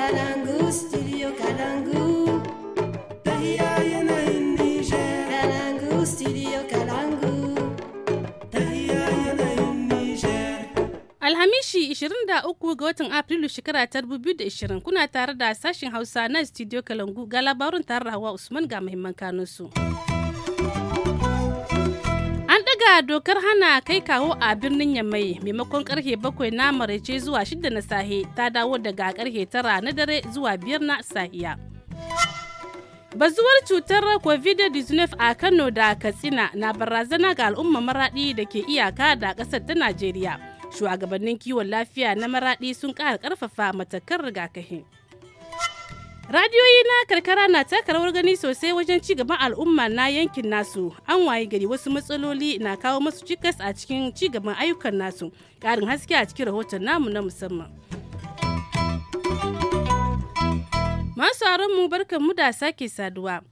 Kalangu, studio Kalangu. Kalangu, studio Kalangu. Alhamishi 23 ga watan Afrilu shekara ta 2020 kuna tare da sashen Hausa na studio Kalangu ga labarin tare Usman ga muhimman kanunsu. su. ga dokar hana kai kawo a birnin Yamai maimakon karfe bakwai na maraice zuwa shida na sahe ta dawo daga karfe tara na dare zuwa biyar na sahiya. Bazuwar cutar COVID-19 a Kano da Katsina na barazana ga al'umma maraɗi da ke iyaka da ƙasar ta Najeriya. Shugabannin kiwon lafiya na maraɗi sun ƙara karfafa matakan rigakafi. Radiyoyi na karkara na taka rawar gani sosai wajen ci gaban al'umma na yankin nasu. An waye gari wasu matsaloli na kawo masu cikas a cikin ci gaban ayyukan nasu. Karin haske a cikin rahoton namu na musamman. Masu mu barkan mu da sake saduwa.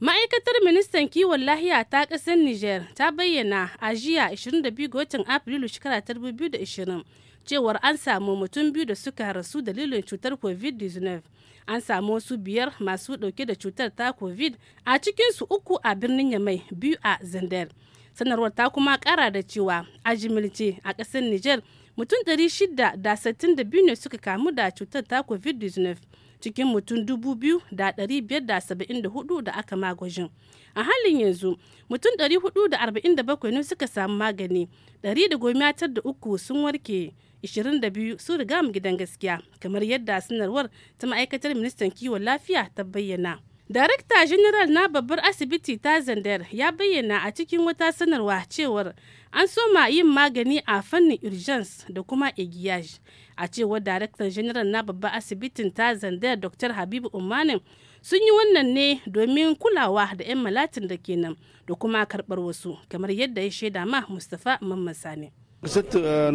Ma'aikatar Ministan Kiwon Lahiya ta ƙasar niger ta bayyana a jiya 22 ga watan Afrilu shekara 2020 cewar an samu mutum biyu da suka rasu dalilin cutar covid-19 an samu wasu biyar masu dauke da cutar ta covid a cikinsu uku a birnin yamai biyu a zandar sanarwar ta kuma kara da cewa a jimilce a kasar niger mutum 662 ne suka kamu da cutar ta covid-19 cikin mutum 2,574 da aka magwajin a halin yanzu mutum 447 ne suka samu magani 113 sun warke 22 su riga mu gidan gaskiya kamar yadda sanarwar ta ma'aikatar ministan kiwon lafiya ta bayyana. Darakta General na babbar asibiti ta Zandar ya bayyana a cikin wata sanarwa cewar an soma yin magani a fannin urgence da kuma egiyaj. A cewar Daraktan General na babbar asibitin ta Zandar Dr. Habibu Umanin sun yi wannan ne domin kulawa da 'yan malatin da kenan da kuma karbar wasu kamar yadda ya shaida ma Mustapha Mamman Sani. Uh,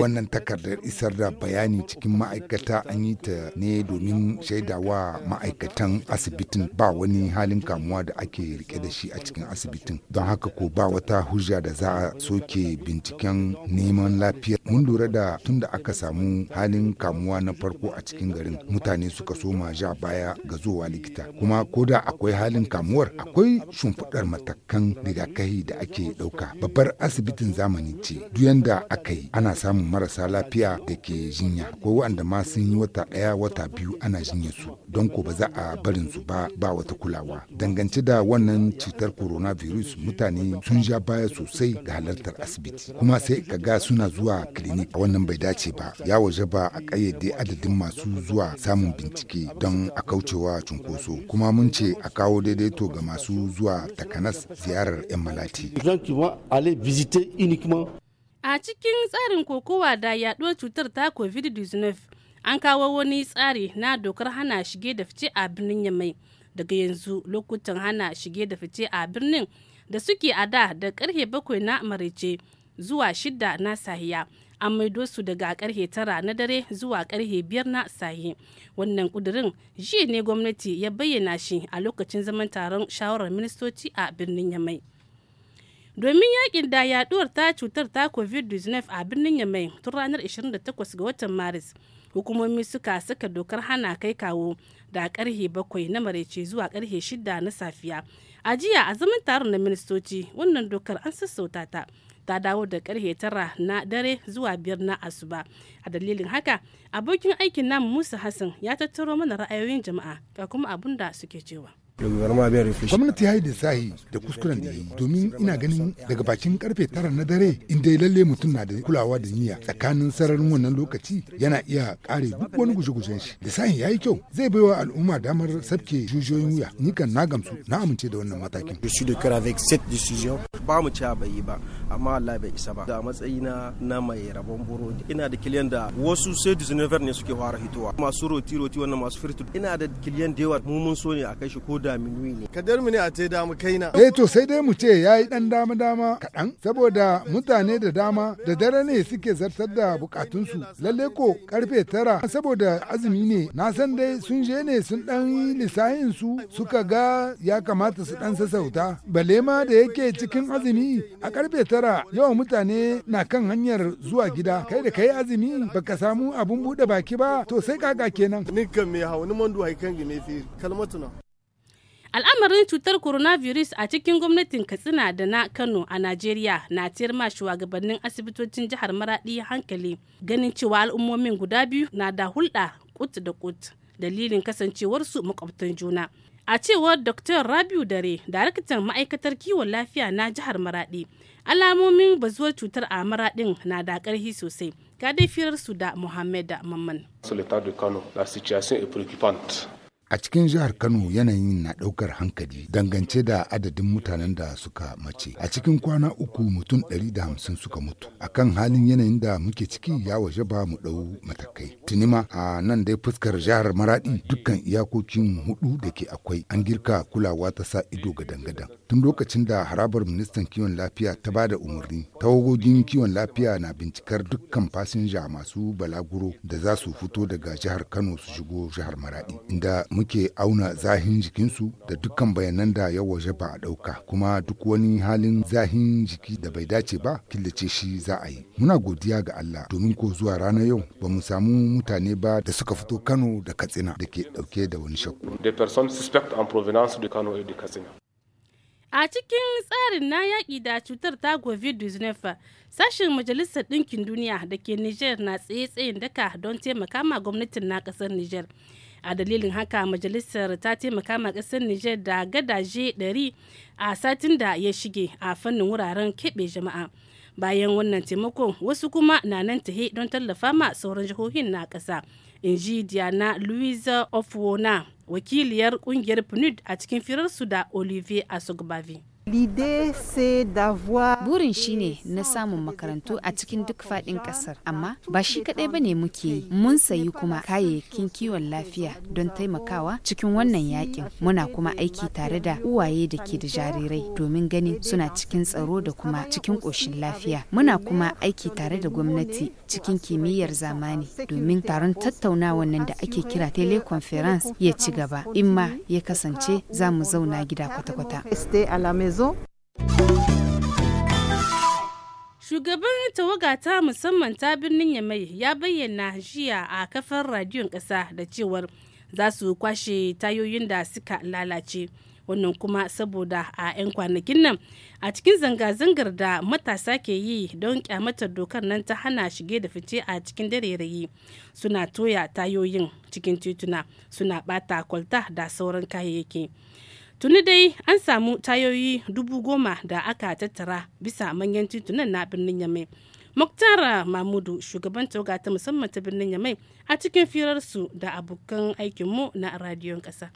Wannan takardar isar da bayani cikin ma'aikata an yi ta ne domin shaidawa ma'aikatan asibitin ba wani halin kamuwa da ake rike da shi a cikin asibitin. Don haka ko ba wata hujja da za a soke binciken neman lafiya. Mun lura da tun da aka samu halin kamuwa na farko a cikin garin mutane suka soma ja baya ga zuwa likita. Kuma ko da akwai halin kamuwar akwai shimfiɗar matakan rigakafi da ake ɗauka. Babbar asibitin zamani ce. da aka yi ana samun marasa lafiya da ke jinya ko wanda ma sun yi wata ɗaya wata biyu ana jinya su don ko ba za a barin su ba ba wata kulawa dangance da wannan cutar coronavirus mutane sun ja baya sosai ga halartar asibiti kuma sai ka ga suna zuwa clinic wannan bai dace ba ya waje ba a ƙayyade adadin masu zuwa samun bincike don a kaucewa cunkoso kuma mun ce a kawo daidaito ga masu zuwa takanas ziyarar 'yan malati. A cikin tsarin kokowa da yaduwar cutar ta COVID-19, an kawo wani tsari na dokar hana shige da fice a birnin Yamai. Daga yanzu lokutan hana shige da fice a birnin da suke a da da karhe bakwai na maraice zuwa shida na sahiya. An maido su daga karhe tara na dare zuwa karhe biyar na sahi. Wannan ƙudirin, jiya ne gwamnati ya bayyana shi a lokacin zaman taron shawarar ministoci a birnin Yamai. domin yakin da yaduwar ta cutar ta covid-19 a birnin yamai tun ranar 28 ga watan maris hukumomi suka saka dokar hana kai kawo da karhe bakwai na maraice zuwa karhe shida na safiya a jiya a zaman taron na ministoci wannan dokar an sassauta ta ta dawo da karhe tara na dare zuwa biyar na asuba a dalilin haka abokin aikin namu musa hassan ya tattaro mana ra'ayoyin jama'a ga kuma abun da suke cewa gwamnati ya yi sahi da kuskuren da ya yi domin ina ganin daga bakin karfe tara na dare inda lalle mutum na da kulawa da niyya tsakanin sararin wannan lokaci yana iya kare duk wani guje-gujen shi sahi ya yi kyau zai baiwa al'umma damar sabke jujiyoyin wuya ni kan na gamsu na amince da wannan matakin ba mu ci bai yi ba amma Allah bai isa ba da matsayina na mai rabon burodi ina da kiliyan da wasu sai ne suke fara hitowa masu roti roti wannan masu firtu ina da kiliyan da yawa mu so ne a kai shi ko da da ne kadar mu ne a te damu kai na. eh to sai dai mu ce yayi dan dama dama kaɗan saboda mutane da dama da dare ne suke zartar da bukatunsu lalle ko karfe tara saboda azumi ne na san dai sun je ne sun ɗan yi su suka ga ya kamata su ɗan sassauta bale ma da yake cikin azumi a karfe tara yawan mutane na kan hanyar zuwa gida kai da kai azumi baka samu abun buɗe baki ba to sai kaka kenan kan me mandu haikan gine fi kalmatuna al'amarin cutar coronavirus a cikin gwamnatin katsina da na kano a najeriya na tiyar ma shugabannin asibitocin jihar maradi hankali ganin cewa al'ummomin guda biyu na da hulɗa kut da kut dalilin kasancewarsu makwabtan juna a cewar dr rabiu dare daraktan ma'aikatar kiwon lafiya na jihar maradi alamomin bazuwar cutar a maradin na da ƙarfi sosai ga dai firarsu da da mamman. Kano, A cikin jihar Kano yanayin na ɗaukar hankali dangance da adadin mutanen da suka mace. A cikin kwana uku mutum da hamsin suka mutu. A kan halin yanayin da muke ciki ya waje ba mu ɗau matakai. Tunima a nan dai fuskar jihar Maraɗi dukkan iyakokin hudu da ke akwai an girka kulawa ta sa ido ga dangadan. tun lokacin da harabar ministan kiwon lafiya ta bada da umarni tawagogin kiwon lafiya na bincikar dukkan fasinja masu balaguro da za su fito daga jihar kano su shigo jihar maradi inda muke auna zahin jikinsu da dukkan bayanan da ya waje ba a ɗauka kuma duk wani halin zahin jiki da bai dace ba killace shi za a yi muna godiya ga allah domin ko zuwa ranar yau ba mu samu mutane ba da suka fito kano da katsina da ke ɗauke da wani shakku. provenance de Kano A cikin tsarin na yaƙi da cutar ta COVID-19, sashen Majalisar Ɗinkin Duniya da ke niger na tsaye-tsayin daka don taimaka ma gwamnatin na ƙasar niger A dalilin haka majalisar ta taimaka ma ƙasar niger da gadaje 100 a satin da ya shige a fannin wuraren keɓe jama'a. Bayan wannan taimakon wasu kuma na nan tahe don tallafa ma sauran jihohin na ƙasa. in ji diana louise ofwona wakiliyar kungiyar pnud a cikin firarsu da olivier asogbavi Burin shi ne na samun makarantu a cikin duk faɗin ƙasar, amma ba shi kaɗai ba ne muke yi. Mun sayi kuma kayayyakin kiwon lafiya don taimakawa cikin wannan yakin. Muna kuma aiki tare da uwaye da ke da jarirai domin ganin suna cikin tsaro da kuma cikin ƙoshin lafiya. Muna kuma aiki tare da gwamnati cikin kimiyyar zamani domin taron tattaunawa nan da ake kira teleconference ya ci gaba. In ma ya kasance za mu zauna gida kwata-kwata. zo? Shugaban tawaga ta musamman ta birnin Yamai ya bayyana jiya a kafar radiyon ƙasa da cewar za su kwashe tayoyin da suka lalace. Wannan kuma saboda a 'yan kwanakin nan a cikin zanga-zangar da matasa ke yi don kyamatar dokar nan ta hana shige da fice a cikin dare darerayi suna toya tayoyin cikin tituna suna bata kwalta da sauran kayayyaki. tuni dai an samu tayoyi dubu goma da aka tattara bisa manyan titunan na birnin yamai muktara mamudu shugaban tauga ta musamman ta birnin yamai a cikin firarsu da abokan aikinmu na radiyon ƙasa.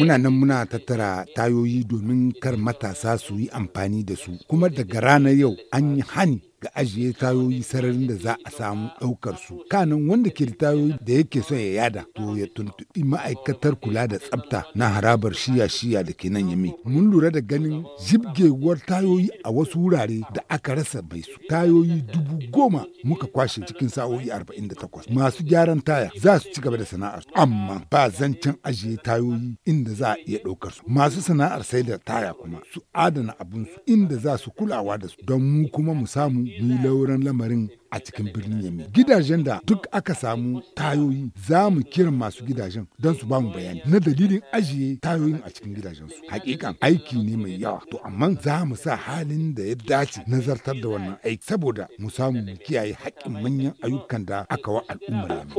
Muna nan muna tattara tayoyi domin kar matasa su yi amfani da su, kuma daga ranar yau an yi hani ga ajiye tayoyi sararin da za a samu ɗaukar su kanin wanda ke da tayoyi da yake son ya yada to ya tuntuɓi ma'aikatar kula da tsafta na harabar shiya shiya da ke nan yami mun lura da ganin jibgewar tayoyi a wasu wurare da aka rasa mai su tayoyi dubu goma muka kwashe cikin sa'o'i arba'in da takwas masu gyaran taya za su ci gaba da sana'ar amma ba zancen ajiye tayoyi inda za a iya ɗaukar su masu sana'ar sai da taya kuma su adana abinsu inda za su kulawa da su don mu kuma mu samu bi lauran lamarin a cikin birnin Yamai. Gidajen da duk aka samu tayoyi za mu kira masu gidajen don su bamu bayani na dalilin ajiye tayoyin a cikin gidajen gidajensu. Hakikan aiki ne mai yawa to amma za mu sa halin da ya dace nazartar da wannan aiki saboda mu samu mu kiyaye haƙƙin manyan ayyukan da aka wa al'ummar Yamai.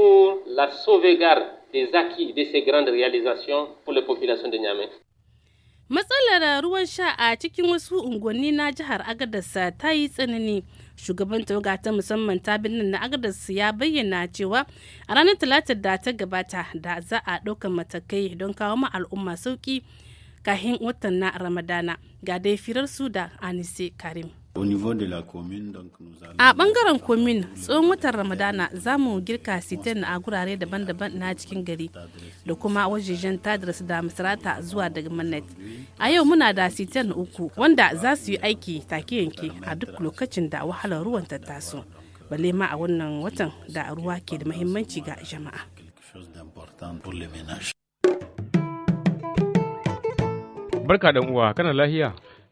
de Matsalar ruwan sha a cikin wasu unguwanni na jihar Agadarsa ta yi tsanani. shugaban tawaga ta musamman ta birnin na agadas ya bayyana cewa a ranar talatar da ta gabata da za a ɗaukar matakai don kawo ma al'umma sauki kahin watan na ramadana ga dai firar su da anise karim A bangaren komin tsohon watan Ramadana za mu girka sitin a gurare daban-daban na cikin gari da kuma wajejen tadras da misrata zuwa daga Manet. A yau muna da sitin uku wanda za su yi aiki take yanke a duk lokacin da wahalar ruwan ta taso. Euh, Balle ma a wannan watan da ruwa ke da mahimmanci ga jama'a. Barka da uwa kana lahiya?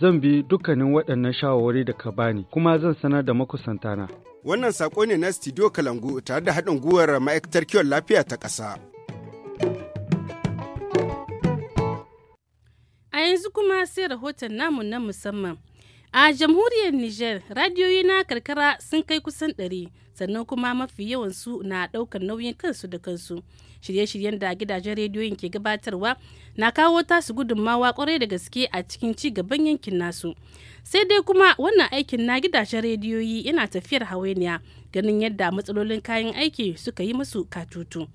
zan bi dukkanin waɗannan shawarwari da ka bani kuma zan sanar da makusantana. Wannan saƙo ne na Studio Kalangu tare da haɗin gwiwar ma'aikatar kiwon lafiya ta ƙasa. A yanzu kuma sai rahoton namu na musamman. A jamhuriyar Nijar, radiyoyi na karkara sun kai kusan ɗari, sannan kuma mafi yawansu na ɗaukar nauyin kansu da kansu. Shirye-shiryen da gidajen rediyoyin ke gabatarwa na kawo tasu gudunmawa kwarai da gaske a cikin ci gaban yankin nasu. Sai dai kuma wannan aikin na gidajen rediyoyi yana tafiyar hawainiya ganin yadda matsalolin kayan aiki suka yi musu katutu.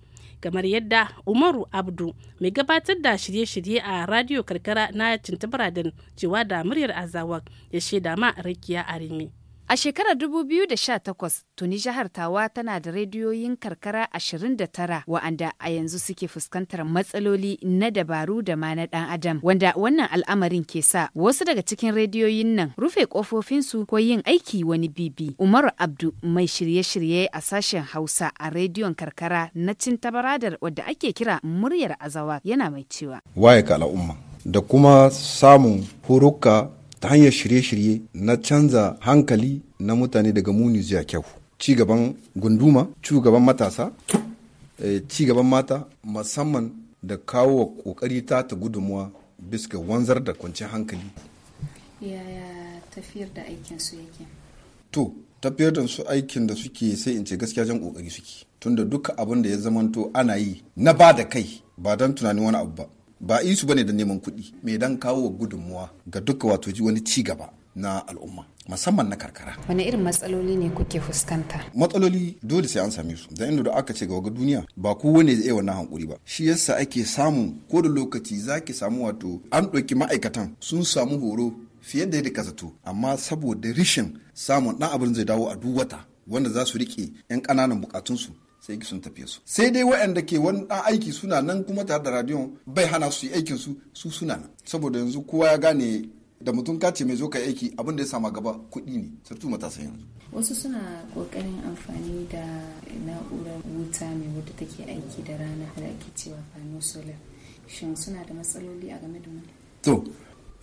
kamar yadda umaru abdu mai gabatar da shirye-shirye a radio karkara na cintabradin cewa da muryar azawak ya shaida ma rakiya arimi A shekarar 2018, tuni jihar Tawa tana da rediyoyin karkara 29 wa'anda a yanzu suke fuskantar matsaloli na dabaru da ma na ɗan adam, wanda wannan al'amarin ke sa wasu daga cikin rediyoyin nan rufe kofofinsu ko yin aiki wani bibi. Umaru Abdu mai shirye-shirye a sashen Hausa a rediyon karkara na cin tabaradar wadda ake kira muryar Azawa yana mai cewa. Waye ka al'umma da kuma samun huruka ta hanyar shirye-shirye na canza hankali na mutane daga muni zuwa kyau ci gaban gunduma ci gaban matasa eh, ci gaban mata musamman da kawo wa kokari ta ta gudunmuwa bisa wanzar da kwanciyar hankali yaya tafiyar da aikin su yake to tafiyar da su aikin da suke sai in ce gaskiya jan kokari suke tunda duka abin da ya zamanto ana yi na ba da kai ba don tunanin wani abu ba ba isu bane da neman kuɗi mai dan kawo gudunmuwa ga duka wato ji wani ci gaba na al'umma musamman na karkara. Wani irin matsaloli ne kuke fuskanta? Matsaloli dole sai an same su. Da inda da aka ce ga waga duniya ba ne zai wannan hankuri ba. Shi yasa ake samu ko da lokaci zaki samu wato an ɗauki ma'aikatan sun samu horo fiye da yadda kasato. amma saboda rishin samun ɗan abin zai dawo a duk wata wanda za su riƙe 'yan ƙananan bukatunsu sai ki sun tafiye su sai dai waɗanda ke wani ɗan aiki suna nan kuma tare da radiyon bai hana su aikin su su suna nan saboda yanzu kowa ya gane da mutum ka ce mai zo ka aiki abin da ya sama gaba kuɗi ne sartu matasa yanzu wasu suna ƙoƙarin amfani da na'urar wuta mai wadda take aiki da rana har ake cewa fano solar shin suna da matsaloli a game da wani to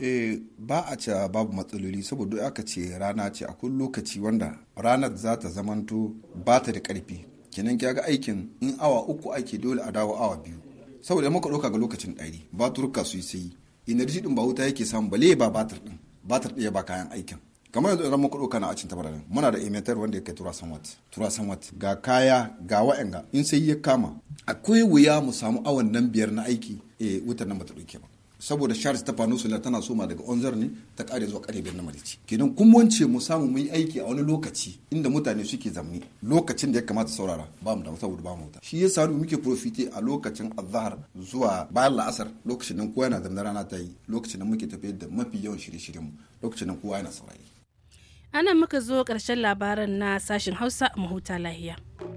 eh, ba a ce babu matsaloli saboda aka ce rana ce akwai lokaci wanda ranar za ta zamanto ba ta da karfi kenan kya ga aikin in awa uku ake dole a dawo awa biyu saboda muka ɗauka ga lokacin ɗari turka su yi sai energy din ba wuta yake samu bale ba batir din batir ɗaya ba kayan aikin kamar yanzu idan muka ɗauka na acin tabar nan muna da emitter wanda ya kai tura san wat tura san wat ga kaya ga wa'anga in sai ya kama akwai wuya mu samu awan nan biyar na aiki eh wutar nan bata ɗauke ba saboda charles ta peninsula tana soma daga onzar ne ta kare zuwa kare birnin marici kenan kun wance mu samu muyi aiki a wani lokaci inda mutane suke zamni lokacin da ya kamata saurara ba mu da saboda ba mu wuta shi yasa sa muke profite a lokacin azhar zuwa bayan la'asar lokacin nan kowa yana zamna rana ta yi lokacin nan muke tafiyar da mafi yawan shirye-shiryen mu lokacin nan kowa yana saurari anan muka zo karshen labaran na sashen hausa mahuta lahiya